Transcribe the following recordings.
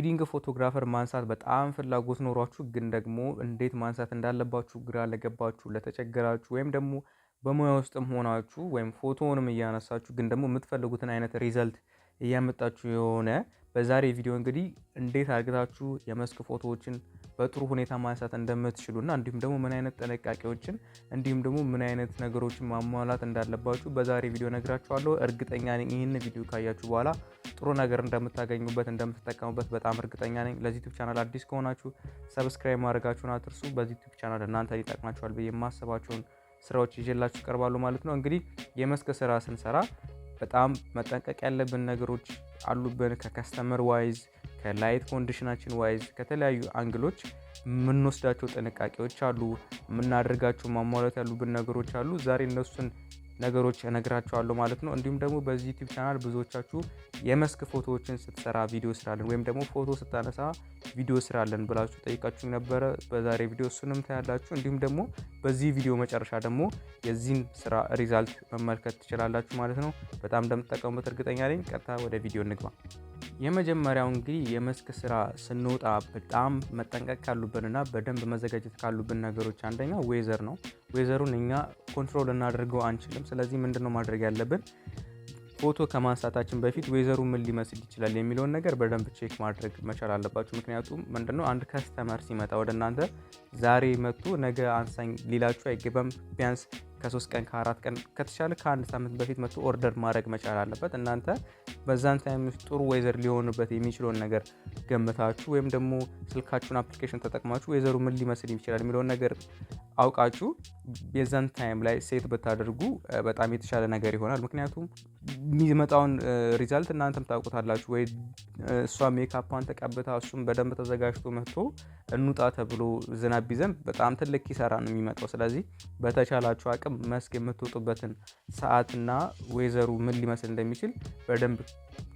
ዊዲንግ ፎቶግራፈር ማንሳት በጣም ፍላጎት ኖሯችሁ ግን ደግሞ እንዴት ማንሳት እንዳለባችሁ ግራ ለገባችሁ፣ ለተቸገራችሁ ወይም ደግሞ በሙያ ውስጥም ሆናችሁ ወይም ፎቶውንም እያነሳችሁ ግን ደግሞ የምትፈልጉትን አይነት ሪዘልት እያመጣችሁ የሆነ በዛሬ ቪዲዮ እንግዲህ እንዴት አርግታችሁ የመስክ ፎቶዎችን በጥሩ ሁኔታ ማንሳት እንደምትችሉና እንዲሁም ደግሞ ምን አይነት ጥንቃቄዎችን እንዲሁም ደግሞ ምን አይነት ነገሮችን ማሟላት እንዳለባችሁ በዛሬ ቪዲዮ ነግራችኋለሁ። እርግጠኛ ነኝ ይህን ቪዲዮ ካያችሁ በኋላ ጥሩ ነገር እንደምታገኙበት፣ እንደምትጠቀሙበት በጣም እርግጠኛ ነኝ። ለዚህ ዩቲዩብ ቻናል አዲስ ከሆናችሁ ሰብስክራይብ ማድረጋችሁን አትርሱ። በዚህ ዩቲዩብ ቻናል እናንተ ይጠቅማችኋል ብዬ የማሰባቸውን ስራዎች ይዤላችሁ ቀርባሉ ማለት ነው። እንግዲህ የመስክ ስራ ስንሰራ በጣም መጠንቀቅ ያለብን ነገሮች አሉብን። ከከስተመር ዋይዝ፣ ከላይት ኮንዲሽናችን ዋይዝ፣ ከተለያዩ አንግሎች የምንወስዳቸው ጥንቃቄዎች አሉ፣ የምናደርጋቸው ማሟላት ያሉብን ነገሮች አሉ። ዛሬ እነሱን ነገሮች እነግራቸዋለሁ ማለት ነው። እንዲሁም ደግሞ በዚህ ዩቲዩብ ቻናል ብዙዎቻችሁ የመስክ ፎቶዎችን ስትሰራ ቪዲዮ ስራለን ወይም ደግሞ ፎቶ ስታነሳ ቪዲዮ ስራለን ብላችሁ ጠይቃችሁ ነበረ። በዛሬ ቪዲዮ እሱንም ታያላችሁ። እንዲሁም ደግሞ በዚህ ቪዲዮ መጨረሻ ደግሞ የዚህን ስራ ሪዛልት መመልከት ትችላላችሁ ማለት ነው። በጣም እንደምትጠቀሙበት እርግጠኛ ነኝ። ቀጥታ ወደ ቪዲዮ እንግባ። የመጀመሪያው እንግዲህ የመስክ ስራ ስንወጣ በጣም መጠንቀቅ ካሉብንና በደንብ መዘጋጀት ካሉብን ነገሮች አንደኛው ዌዘር ነው። ዌዘሩን እኛ ኮንትሮል ልናደርገው አንችልም። ስለዚህ ምንድነው ማድረግ ያለብን? ፎቶ ከማንሳታችን በፊት ዌዘሩ ምን ሊመስል ይችላል የሚለውን ነገር በደንብ ቼክ ማድረግ መቻል አለባችሁ። ምክንያቱም ምንድነው አንድ ከስተመር ሲመጣ ወደ እናንተ ዛሬ መጥቶ ነገ አንሳኝ ሊላችሁ አይገባም። ቢያንስ ከሶስት ቀን ከአራት ቀን ከተቻለ ከአንድ ሳምንት በፊት መጥቶ ኦርደር ማድረግ መቻል አለበት። እናንተ በዛን ታይም ውስጥ ጥሩ ወይዘር ሊሆንበት የሚችለውን ነገር ገምታችሁ ወይም ደግሞ ስልካችሁን አፕሊኬሽን ተጠቅማችሁ ወይዘሩ ምን ሊመስል ይችላል የሚለውን ነገር አውቃችሁ የዛን ታይም ላይ ሴት ብታደርጉ በጣም የተሻለ ነገር ይሆናል። ምክንያቱም የሚመጣውን ሪዛልት እናንተም ታውቁታላችሁ። ወይ እሷ ሜካፓን ተቀብታ እሱም በደንብ ተዘጋጅቶ መጥቶ እንውጣ ተብሎ ዝናብ ቢዘንብ በጣም ትልቅ ኪሳራ ነው የሚመጣው። ስለዚህ በተቻላችሁ አቅም መስክ የምትወጡበትን ሰዓትና ወይዘሩ ምን ሊመስል እንደሚችል በደንብ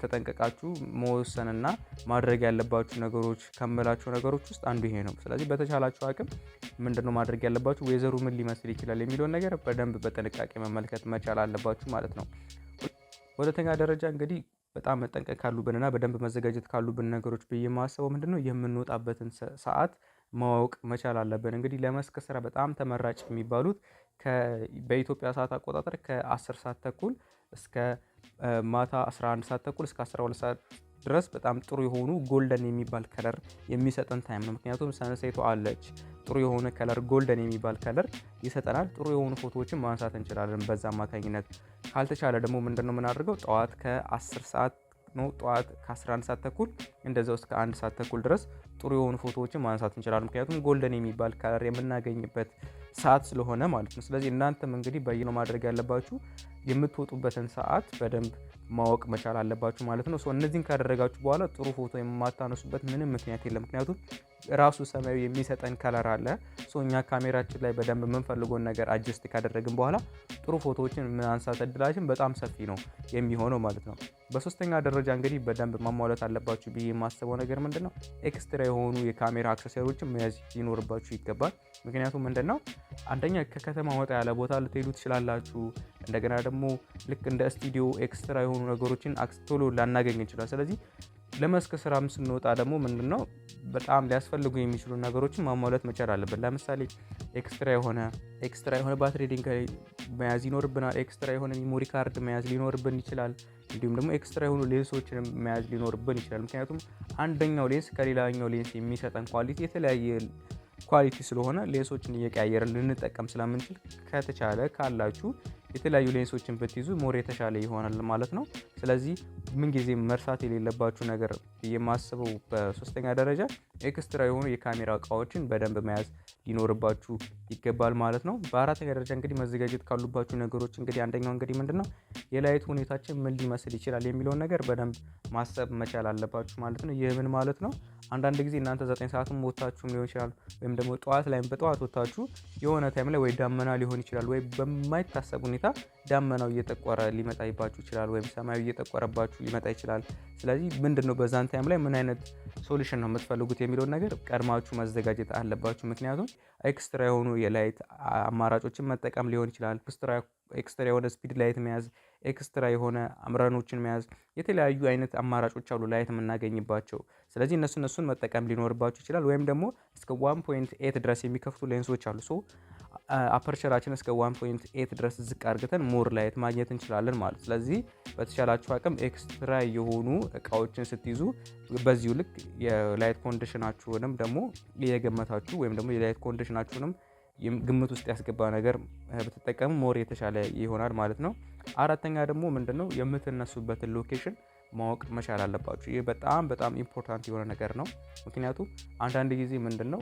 ተጠንቀቃችሁ መወሰንና ማድረግ ያለባችሁ ነገሮች ከምላችሁ ነገሮች ውስጥ አንዱ ይሄ ነው። ስለዚህ በተቻላችሁ አቅም ምንድነው ማድረግ ያለባችሁ፣ ወይዘሩ ምን ሊመስል ይችላል የሚለውን ነገር በደንብ በጥንቃቄ መመልከት መቻል አለባችሁ ማለት ነው። ሁለተኛ ደረጃ እንግዲህ በጣም መጠንቀቅ ካሉብንና በደንብ መዘጋጀት ካሉብን ነገሮች ብዬ የማስበው ምንድነው የምንወጣበትን ሰዓት ማወቅ መቻል አለብን። እንግዲህ ለመስክ ስራ በጣም ተመራጭ የሚባሉት በኢትዮጵያ ሰዓት አቆጣጠር ከ10 ሰዓት ተኩል እስከ ማታ 11 ሰዓት ተኩል እስከ 12 ሰዓት ድረስ በጣም ጥሩ የሆኑ ጎልደን የሚባል ከለር የሚሰጠን ታይም ነው። ምክንያቱም ሰንሴቱ አለች ጥሩ የሆነ ከለር ጎልደን የሚባል ከለር ይሰጠናል። ጥሩ የሆኑ ፎቶዎችን ማንሳት እንችላለን በዛ አማካኝነት። ካልተቻለ ደግሞ ምንድነው የምናደርገው ጠዋት ከ10 ሰዓት ነው። ጠዋት ከ11 ሰዓት ተኩል እንደዛው እስከ አንድ ሰዓት ተኩል ድረስ ጥሩ የሆኑ ፎቶዎችን ማንሳት እንችላለን። ምክንያቱም ጎልደን የሚባል ከለር የምናገኝበት ሰዓት ስለሆነ ማለት ነው። ስለዚህ እናንተም እንግዲህ በይኖ ማድረግ ያለባችሁ የምትወጡበትን ሰዓት በደንብ ማወቅ መቻል አለባችሁ ማለት ነው። እነዚህን ካደረጋችሁ በኋላ ጥሩ ፎቶ የማታነሱበት ምንም ምክንያት የለም። ምክንያቱም ራሱ ሰማዩ የሚሰጠን ከለር አለ። እኛ ካሜራችን ላይ በደንብ የምንፈልገውን ነገር አጅስት ካደረግን በኋላ ጥሩ ፎቶዎችን የምናንሳት እድላችን በጣም ሰፊ ነው የሚሆነው ማለት ነው። በሶስተኛ ደረጃ እንግዲህ በደንብ ማሟላት አለባችሁ ብዬ የማስበው ነገር ምንድን ነው፣ ኤክስትራ የሆኑ የካሜራ አክሰሰሪዎችን መያዝ ሊኖርባችሁ ይገባል። ምክንያቱም ምንድን ነው አንደኛ ከከተማ ወጣ ያለ ቦታ ልትሄዱ ትችላላችሁ። እንደገና ደግሞ ልክ እንደ ስቱዲዮ ኤክስትራ የሆኑ ነገሮችን ቶሎ ላናገኝ እንችላል። ስለዚህ ለመስክ ስራም ስንወጣ ደግሞ ምንድን ነው በጣም ሊያስፈልጉ የሚችሉ ነገሮችን ማሟላት መቻል አለብን። ለምሳሌ ኤክስትራ የሆነ ኤክስትራ የሆነ ባትሪ ድንጋይ መያዝ ይኖርብናል። ኤክስትራ የሆነ ሜሞሪ ካርድ መያዝ ሊኖርብን ይችላል። እንዲሁም ደግሞ ኤክስትራ የሆኑ ሌንሶችን መያዝ ሊኖርብን ይችላል። ምክንያቱም አንደኛው ሌንስ ከሌላኛው ሌንስ የሚሰጠን ኳሊቲ የተለያየ ኳሊቲ ስለሆነ ሌንሶችን እየቀያየረ ልንጠቀም ስለምንችል ከተቻለ ካላችሁ የተለያዩ ሌንሶችን ብትይዙ ሞር የተሻለ ይሆናል ማለት ነው። ስለዚህ ምንጊዜ መርሳት የሌለባችሁ ነገር የማስበው በሶስተኛ ደረጃ ኤክስትራ የሆኑ የካሜራ እቃዎችን በደንብ መያዝ ሊኖርባችሁ ይገባል ማለት ነው። በአራተኛ ደረጃ እንግዲህ መዘጋጀት ካሉባችሁ ነገሮች እንግዲህ አንደኛው እንግዲህ ምንድን ነው የላይት ሁኔታችን ምን ሊመስል ይችላል የሚለውን ነገር በደንብ ማሰብ መቻል አለባችሁ ማለት ነው። ይህ ምን ማለት ነው? አንዳንድ ጊዜ እናንተ ዘጠኝ ሰዓትም ወታችሁም ሊሆን ይችላል ወይም ደግሞ ጠዋት ላይም በጠዋት ወታችሁ የሆነ ታይም ላይ ወይ ዳመና ሊሆን ይችላል ወይ በማይታሰብ ሁኔታ ሁኔታ ዳመናው እየጠቆረ ሊመጣባችሁ ይችላል፣ ወይም ሰማዩ እየጠቆረባችሁ ሊመጣ ይችላል። ስለዚህ ምንድን ነው በዛን ታይም ላይ ምን አይነት ሶሉሽን ነው የምትፈልጉት የሚለውን ነገር ቀድማችሁ መዘጋጀት አለባችሁ። ምክንያቱም ኤክስትራ የሆኑ የላይት አማራጮችን መጠቀም ሊሆን ይችላል። ኤክስትራ የሆነ ስፒድ ላይት መያዝ፣ ኤክስትራ የሆነ አምረኖችን መያዝ፣ የተለያዩ አይነት አማራጮች አሉ ላይት የምናገኝባቸው። ስለዚህ እነሱ እነሱን መጠቀም ሊኖርባችሁ ይችላል። ወይም ደግሞ እስከ ዋን ፖይንት ኤት ድረስ የሚከፍቱ ሌንሶች አሉ ሶ አፐርቸራችን እስከ 1.8 ድረስ ዝቅ አድርገተን ሞር ላይት ማግኘት እንችላለን ማለት። ስለዚህ በተሻላችሁ አቅም ኤክስትራ የሆኑ እቃዎችን ስትይዙ በዚሁ ልክ የላይት ኮንዲሽናችሁንም ደግሞ እየገመታችሁ ወይም ደግሞ የላይት ኮንዲሽናችሁንም ግምት ውስጥ ያስገባ ነገር ብትጠቀሙ ሞር የተሻለ ይሆናል ማለት ነው። አራተኛ ደግሞ ምንድነው የምትነሱበትን ሎኬሽን ማወቅ መቻል አለባችሁ። ይህ በጣም በጣም ኢምፖርታንት የሆነ ነገር ነው። ምክንያቱም አንዳንድ ጊዜ ምንድን ነው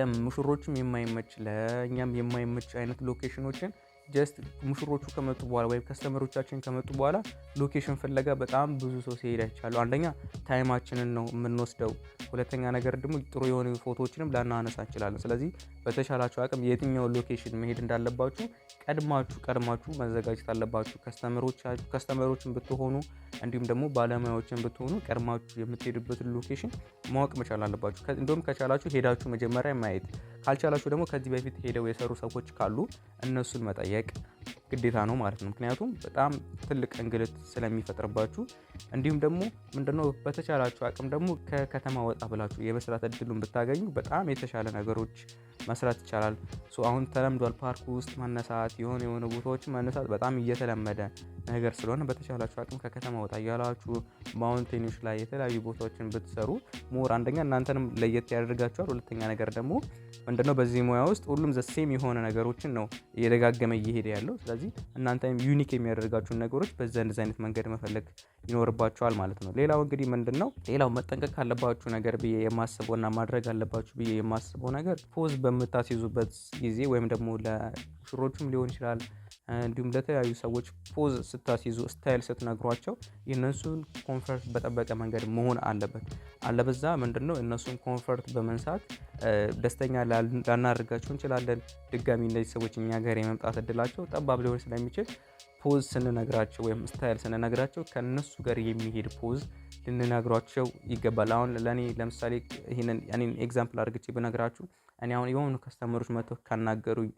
ለሙሽሮችም የማይመች ለእኛም የማይመች አይነት ሎኬሽኖችን ጀስት ሙሽሮቹ ከመጡ በኋላ ወይም ከስተመሮቻችን ከመጡ በኋላ ሎኬሽን ፍለጋ በጣም ብዙ ሰው ሲሄድ አይቻሉ። አንደኛ ታይማችንን ነው የምንወስደው። ሁለተኛ ነገር ደግሞ ጥሩ የሆኑ ፎቶዎችንም ላናነሳ እንችላለን። ስለዚህ በተሻላችሁ አቅም የትኛው ሎኬሽን መሄድ እንዳለባችሁ ቀድማችሁ ቀድማችሁ መዘጋጀት አለባችሁ። ከስተመሮችን ብትሆኑ እንዲሁም ደግሞ ባለሙያዎችን ብትሆኑ ቀድማችሁ የምትሄዱበትን ሎኬሽን ማወቅ መቻል አለባችሁ። እንዲሁም ከቻላችሁ ሄዳችሁ መጀመሪያ ማየት፣ ካልቻላችሁ ደግሞ ከዚህ በፊት ሄደው የሰሩ ሰዎች ካሉ እነሱን መጠየቅ መጠየቅ ግዴታ ነው ማለት ነው። ምክንያቱም በጣም ትልቅ እንግልት ስለሚፈጥርባችሁ እንዲሁም ደግሞ ምንድነው በተቻላችሁ አቅም ደግሞ ከከተማ ወጣ ብላችሁ የመስራት እድሉን ብታገኙ በጣም የተሻለ ነገሮች መስራት ይቻላል። አሁን ተለምዷል። ፓርክ ውስጥ መነሳት የሆነ የሆነ ቦታዎችን መነሳት በጣም እየተለመደ ነገር ስለሆነ በተቻላችሁ አቅም ከከተማ ወጣ እያላችሁ ማውንቴኖች ላይ የተለያዩ ቦታዎችን ብትሰሩ ሞር አንደኛ እናንተንም ለየት ያደርጋችኋል። ሁለተኛ ነገር ደግሞ ምንድነው በዚህ ሙያ ውስጥ ሁሉም ዘሴም የሆነ ነገሮችን ነው እየደጋገመ እየሄደ ያለው። ስለዚህ እናንተ ዩኒክ የሚያደርጋችሁን ነገሮች በዛ አይነት መንገድ መፈለግ ይኖርባችኋል ማለት ነው። ሌላው እንግዲህ ምንድነው ሌላው መጠንቀቅ ካለባችሁ ነገር ብዬ የማስበውና ማድረግ አለባችሁ ብዬ የማስበው ነገር ፖዝ በምታስይዙበት ጊዜ ወይም ደግሞ ለሽሮቹም ሊሆን ይችላል እንዲሁም ለተለያዩ ሰዎች ፖዝ ስታስይዙ ስታይል ስትነግሯቸው የእነሱን ኮንፈርት በጠበቀ መንገድ መሆን አለበት። አለበዛ ምንድነው እነሱን ኮንፈርት በመንሳት ደስተኛ ላናደርጋቸው እንችላለን። ድጋሚ እነዚህ ሰዎች እኛ ጋር የመምጣት እድላቸው ጠባብ ሊሆን ስለሚችል ፖዝ ስንነግራቸው ወይም ስታይል ስንነግራቸው ከእነሱ ጋር የሚሄድ ፖዝ ልንነግሯቸው ይገባል። አሁን ለእኔ ለምሳሌ ይህንን ኤግዛምፕል አድርግቼ ብነግራችሁ እኔ አሁን የሆኑ ከስተመሮች መጥተው ካናገሩኝ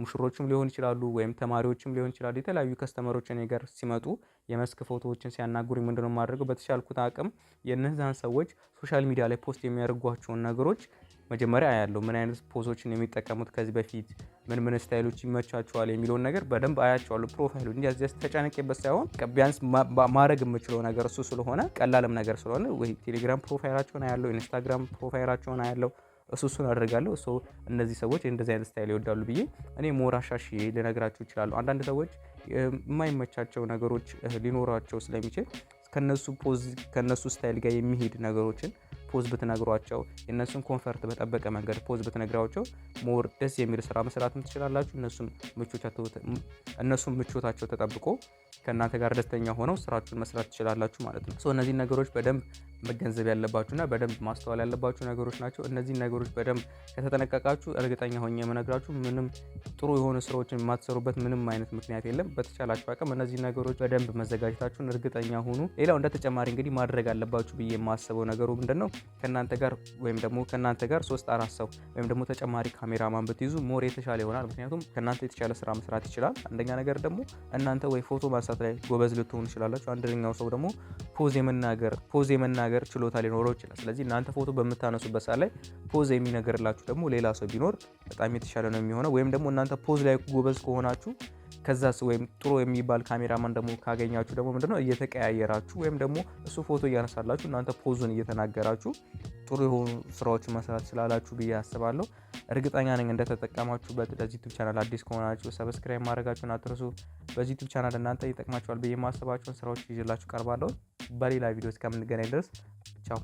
ሙሽሮችም ሊሆን ይችላሉ ወይም ተማሪዎችም ሊሆን ይችላሉ። የተለያዩ ከስተመሮች እኔ ጋር ሲመጡ የመስክ ፎቶዎችን ሲያናግሩኝ ምንድነው የማደርገው? በተሻልኩት አቅም የእነዛን ሰዎች ሶሻል ሚዲያ ላይ ፖስት የሚያደርጓቸውን ነገሮች መጀመሪያ አያለሁ። ምን አይነት ፖዞችን የሚጠቀሙት ከዚህ በፊት ምን ምን ስታይሎች ይመቻቸዋል የሚለውን ነገር በደንብ አያቸዋለሁ። ፕሮፋይሉ እንዲ እንዲያስ ተጨነቄበት ሳይሆን ቢያንስ ማድረግ የምችለው ነገር እሱ ስለሆነ ቀላልም ነገር ስለሆነ ወይ ቴሌግራም ፕሮፋይላቸውን አያለው፣ ኢንስታግራም ፕሮፋይላቸውን አያለው እሱ እሱን አደርጋለሁ ሶ እነዚህ ሰዎች እንደዚህ አይነት ስታይል ይወዳሉ ብዬ እኔ ሞራ ሻሽ ልነግራችሁ አንዳንድ ሰዎች የማይመቻቸው ነገሮች ሊኖራቸው ስለሚችል ከነሱ ፖዝ ከነሱ ስታይል ጋር የሚሄድ ነገሮችን ፖዝ ብትነግሯቸው የእነሱን ኮንፈርት በጠበቀ መንገድ ፖዝ ብትነግሯቸው ሞር ደስ የሚል ስራ መስራትም ትችላላችሁ። እነሱም ምቾታቸው ተጠብቆ ከእናንተ ጋር ደስተኛ ሆነው ስራችሁን መስራት ትችላላችሁ ማለት ነው። እነዚህ ነገሮች በደንብ መገንዘብ ያለባችሁና በደንብ ማስተዋል ያለባችሁ ነገሮች ናቸው። እነዚህ ነገሮች በደንብ ከተጠነቀቃችሁ እርግጠኛ ሆኜ የምነግራችሁ ምንም ጥሩ የሆኑ ስራዎችን የማትሰሩበት ምንም አይነት ምክንያት የለም። በተቻላችሁ አቅም እነዚህ ነገሮች በደንብ መዘጋጀታችሁን እርግጠኛ ሁኑ። ሌላው እንደተጨማሪ እንግዲህ ማድረግ አለባችሁ ብዬ የማስበው ነገሩ ምንድን ነው ከእናንተ ጋር ወይም ደግሞ ከእናንተ ጋር ሶስት አራት ሰው ወይም ደግሞ ተጨማሪ ካሜራማን ብትይዙ ሞር የተሻለ ይሆናል። ምክንያቱም ከእናንተ የተሻለ ስራ መስራት ይችላል። አንደኛ ነገር ደግሞ እናንተ ወይ ፎቶ ማንሳት ላይ ጎበዝ ልትሆኑ ትችላላችሁ። አንደኛው ሰው ደግሞ ፖዝ የመናገር ፖዝ የመናገር ችሎታ ሊኖረው ይችላል። ስለዚህ እናንተ ፎቶ በምታነሱበት ሰዓት ላይ ፖዝ የሚነገርላችሁ ደግሞ ሌላ ሰው ቢኖር በጣም የተሻለ ነው የሚሆነው። ወይም ደግሞ እናንተ ፖዝ ላይ ጎበዝ ከሆናችሁ ከዛ ወይም ጥሩ የሚባል ካሜራማን ደግሞ ካገኛችሁ ደግሞ ምንድነው እየተቀያየራችሁ ወይም ደግሞ እሱ ፎቶ እያነሳላችሁ እናንተ ፖዙን እየተናገራችሁ ጥሩ የሆኑ ስራዎች መስራት ስላላችሁ ብዬ አስባለሁ። እርግጠኛ ነኝ እንደተጠቀማችሁበት። ለዚህ ዩቱብ ቻናል አዲስ ከሆናችሁ ሰብስክራይብ ማድረጋችሁን አትርሱ። በዚህ ዩቱብ ቻናል እናንተ ይጠቅማችኋል ብዬ የማስባቸውን ስራዎች ይዤላችሁ ቀርባለሁ። በሌላ ቪዲዮ እስከምንገናኝ ድረስ ቻው።